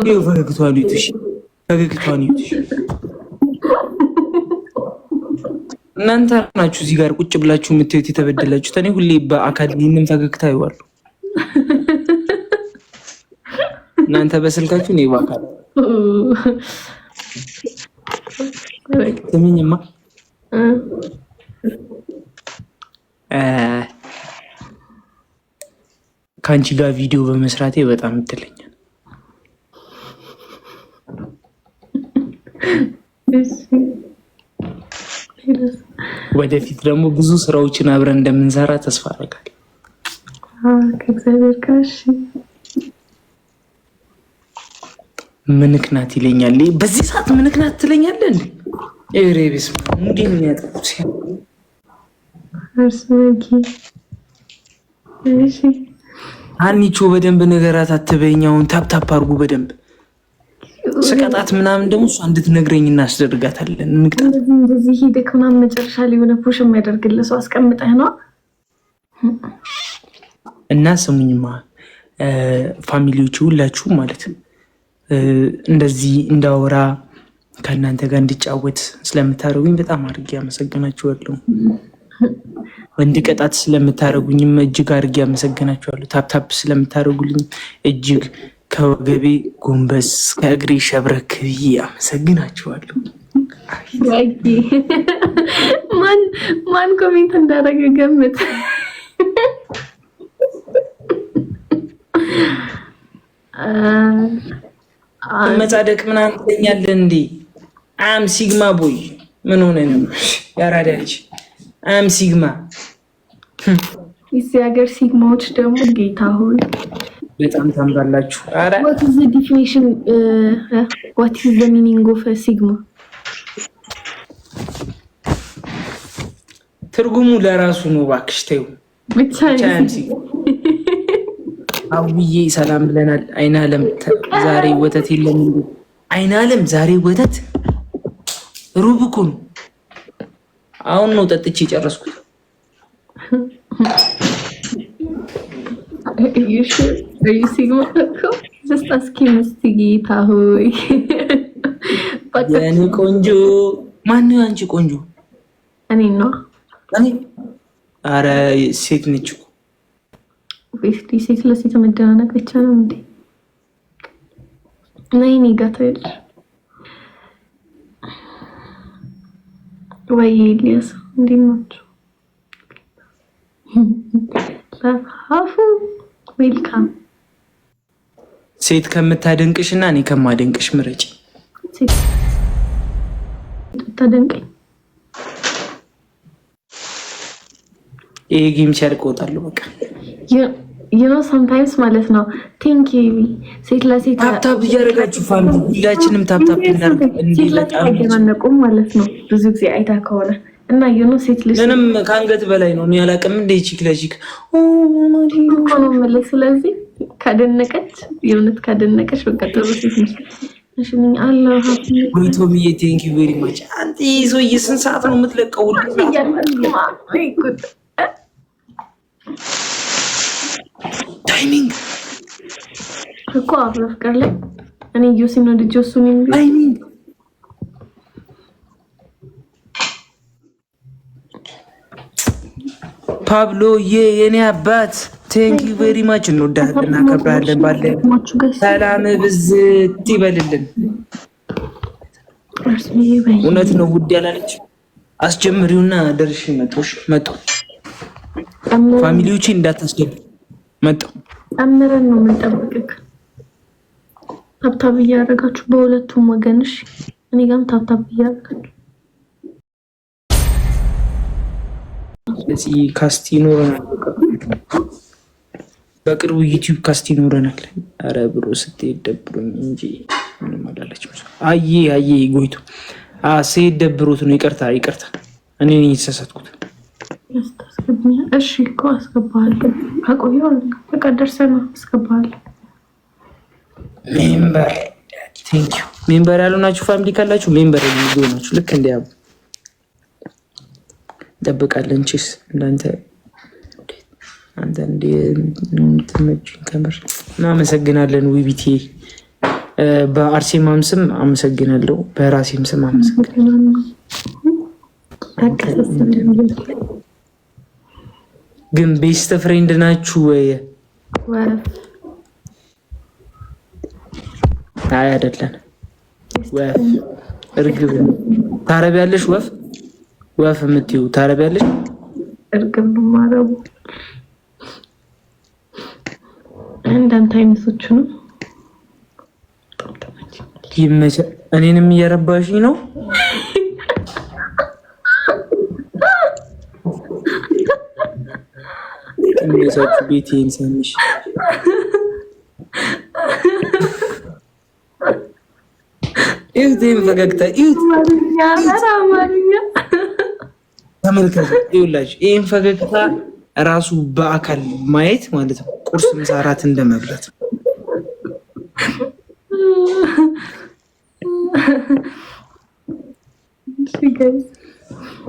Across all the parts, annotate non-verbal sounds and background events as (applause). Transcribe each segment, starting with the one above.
ፈገግቷን ይዩት፣ ፈገግቷን ይዩት። እናንተ ናችሁ እዚህ ጋር ቁጭ ብላችሁ የምትዩት የተበደላችሁት። እኔ ሁሌ በአካል ይህንም ፈገግታ ይዋሉ። እናንተ በስልካችሁ እኔ በአካል ስሚኝማ ከአንቺ ጋር ቪዲዮ በመስራቴ በጣም እትለኛል። ወደፊት ደግሞ ብዙ ስራዎችን አብረን እንደምንሰራ ተስፋ አደርጋለሁ። ከእግዚአብሔር ጋር ምንክናት ይለኛል። በዚህ ሰዓት ምንክናት ትለኛለ ትለኛለን። ሬቤስ እንዲ ምን ያጠቁት አንቺ በደንብ ነገራት አትበኛውን አሁን ታፕታፕ አርጉ በደንብ ስቀጣት ምናምን ደግሞ እሷ እንድትነግረኝ እናስደርጋታለን። እንቅጣት እንደዚህ ሂደህ ምናምን መጨረሻ ላይ የሆነ ፑሽ የሚያደርግልህ ሰው አስቀምጠህ ነው። እና ስሙኝማ ፋሚሊዎች ሁላችሁ ማለት እንደዚህ እንዳወራ ከእናንተ ጋር እንድጫወት ስለምታደርጉኝ በጣም አድርጌ አመሰግናችኋለሁ። እንድቀጣት ስለምታደርጉኝም እጅግ አድርጌ አመሰግናችኋለሁ። ታፕታፕ ስለምታደርጉልኝ እጅግ ከወገቤ ጎንበስ ከእግሬ ሸብረክ ብዬ አመሰግናችኋለሁ። ማን ኮሜንት እንዳደረገ ገምት። መጻደቅ ምናምን ትለኛለህ እንዴ? አም ሲግማ ቦይ ምን ሆነ ነው ያራዳ ልጅ አም ሲግማ። እዚህ ሀገር ሲግማዎች ደግሞ ጌታ ሆይ በጣም ታምራላችሁ። ዋት ኢዝ ዲፊኒሽን ዋት ኢዝ ዘ ሚኒንግ ኦፍ ሲግማ? ትርጉሙ ለራሱ ነው። እባክሽ ተይው (laughs) አውዬ ሰላም ብለናል። አይነ አለም ዛሬ ወተት የለም። አይነ አለም ዛሬ ወተት ሩብኩን አሁን ነው ጠጥቼ የጨረስኩት። (laughs) የኔ ቆንጆ ማነው? አንቺ ቆንጆ እኔ ነው። አረ ሴት ነች እኮ ሴት ለሴት መደናነቅ አይቻልም እንዴ? ናይ እኔ ጋ ታያለሽ ወይ ኤልያስ እንዴት ናችሁ? ሀፉ ዌልካም ሴት ከምታደንቅሽ እና እኔ ከማደንቅሽ ምረጭ። ይሄ ጌም ሲያልቅ እወጣለሁ። በቃ ዩኖ ሰምታይምስ ማለት ነው። ቴንክ ቢ ሴት ለሴት ታብታብ እያደረጋችሁ ፋሚ ሁላችንም ታብታብ እናደርግ እንዲለጣ ማለት ነው። ብዙ ጊዜ አይታ ከሆነ እና የሆነ ሴት ልጅ ምንም ከአንገት በላይ ነው ያላቅም እንደ ቺክ ለቺክ ነው። ስለዚህ ካደነቀች የእውነት ካደነቀች በቃ ጥሩ ሴት ነች። ቶሚዬ ቴንክ ዩ ቬሪ ማች። አንተ ሰውዬ ስንት ሰዓት ነው የምትለቀው? ታይሚንግ እኮ አፍለፍቀር ላይ እኔ ዮሴን ወድጄ እሱን ታይሚንግ ፓብሎዬ የኔ አባት ቴንክ ዩ ቬሪ ማች። እንወዳለን፣ እናከብራለን። ባለ ሰላም ብዝት ይበልልን። እውነት ነው ውድ ያላለች አስጀምሪውና ደርሽ መጦሽ መጦ ፋሚሊዎቼ እንዳታስደብ መጦ ጨምረን ነው የምንጠብቅህ። ታብታብ እያደረጋችሁ በሁለቱም ወገንሽ እኔ ጋም ታብታብ እያደረጋችሁ እዚህ ካስቲ ይኖረናል። በቅርቡ ዩቲዩብ ካስቲ ይኖረናል። አረ ብሮ ስትሄድ ደብሩኝ እንጂ ምንም አላለችም። አየ አየ ጎይቶ ስሄድ ደብሮት ነው። ይቅርታ ይቅርታ፣ እኔ ነኝ የተሳሳትኩት። እሺ እኮ አስገባለሁ። ከቆየሁ በቃ ደርሰና አስገባለሁ። ሜምበር ቴንኪው ሜምበር ያሉ ናችሁ። ፋሚሊ ካላችሁ ሜምበር የሚጎ ናችሁ። ልክ እንዲያቡ እንጠብቃለን። ቺስ እንዳንተ አንተ እንድትመጪኝ ከምር አመሰግናለን። ውቢቴ በአርሴማም ስም አመሰግናለሁ፣ በራሴም ስም አመሰግናለሁ። ግን ቤስት ፍሬንድ ናችሁ ወይ? አይ አይደለን። ወፍ እርግብ ታረቢያለሽ? ወፍ ወፍ የምትይው ታረቢያለሽ? እርግብ ነው ማረቡ። እንዳንተ አይነቶቹ ነው ይመቸ። እኔንም እየረባሽኝ ነው። ቅሜሳችሁ ቤቴን ሰሚሽ ይሁት ፈገግታ ይሁት አማርኛ ተመልከቱ። ይኸውላችሁ ይህን ፈገግታ ራሱ በአካል ማየት ማለት ነው ቁርስ ምሳ ራት እንደመብላት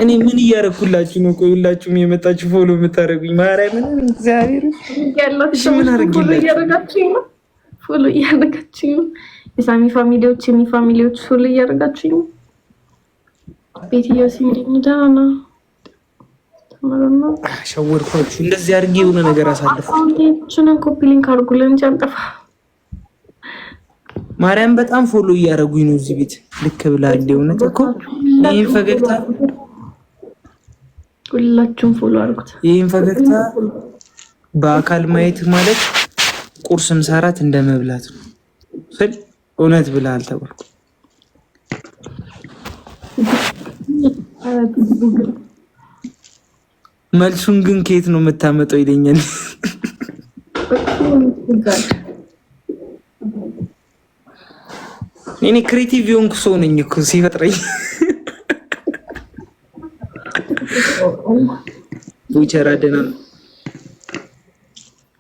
እኔ ምን እያደረኩላችሁ ነው? ቆይ ሁላችሁም የመጣችሁ ፎሎ የምታደርጉኝ ማርያምን፣ እግዚአብሔር ምን አደረግላችሁ? ፎሎ እያደረጋችሁ የሳሚ ፋሚሊዎች፣ የሚ ፋሚሊዎች ፎሎ እያደረጋችሁ ቤትየው ሲንደኝ ደህና ነው ሸወድኳችሁ። እንደዚህ አድርጌ የሆነ ነገር አሳልፉን ኮፒ ሊንክ አድርጉልን እንጂ አንጠፋ። ማርያም በጣም ፎሎ እያደረጉኝ ነው እዚህ ቤት ልክ ብላ ሊሆነ እኮ ይህን ፈገግታ ሁላችሁም ፎሎ አድርጉት። ይህን ፈገግታ በአካል ማየት ማለት ቁርስም ሰራት እንደ መብላት ነው ስል እውነት ብላ አልተባልኩም። መልሱን ግን ከየት ነው የምታመጠው ይለኛል። እኔ ክሬቲቭ የሆንኩ ሰው ነኝ እኮ ሲፈጥረኝ ዊቸር አደና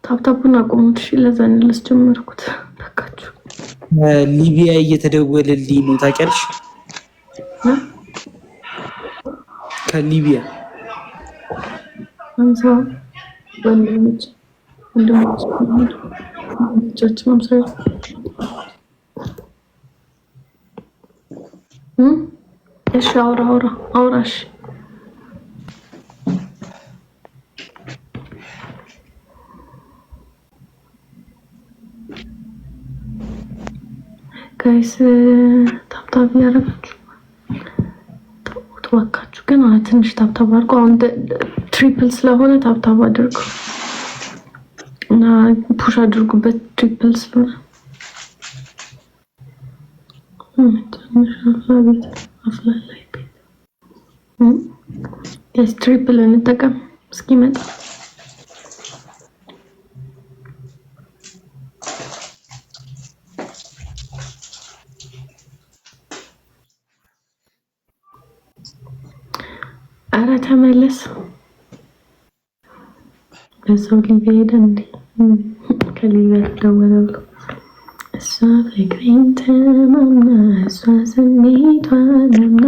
ታፕታፑን አቆሙት። እሺ ለዛንለስ ጀመርኩት። በቃችሁ ሊቢያ እየተደወለልኝ ነው ታውቂያለሽ? ከሊቢያ ሀምሳ ወንድሞች ወንድሞች ወንድሞቻች ሀምሳ እሺ፣ አውራ አውራ አውራሽ ጋይስ ታብታብ ያደረጋችሁ ተወካችሁ ግን ትንሽ ታብታብ አድርጎ አሁን ትሪፕል ስለሆነ ታብታብ አድርጉ እና ፑሽ አድርጉበት። ትሪፕል ስለሆነ ስ ትሪፕል እንጠቀም እስኪመጣ አረ ተመለስ። በሰው ሊቢያ ሄደ እንዴ? ከሊቢያ ደወለ ብሎ እሷ ፍቅሬን ተማምና እሷ ስሜቷ ለምና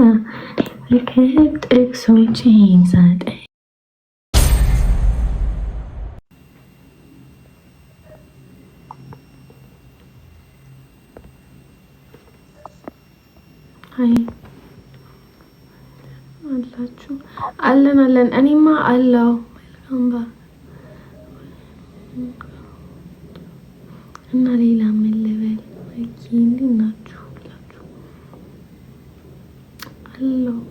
ልክብ ጥቅሶች ይዛጠ አላችሁ አለን አለን እኔማ አለው መልካም እና ሌላ ምን ልበል? እንዴት ናችሁ ሁላችሁ? አለው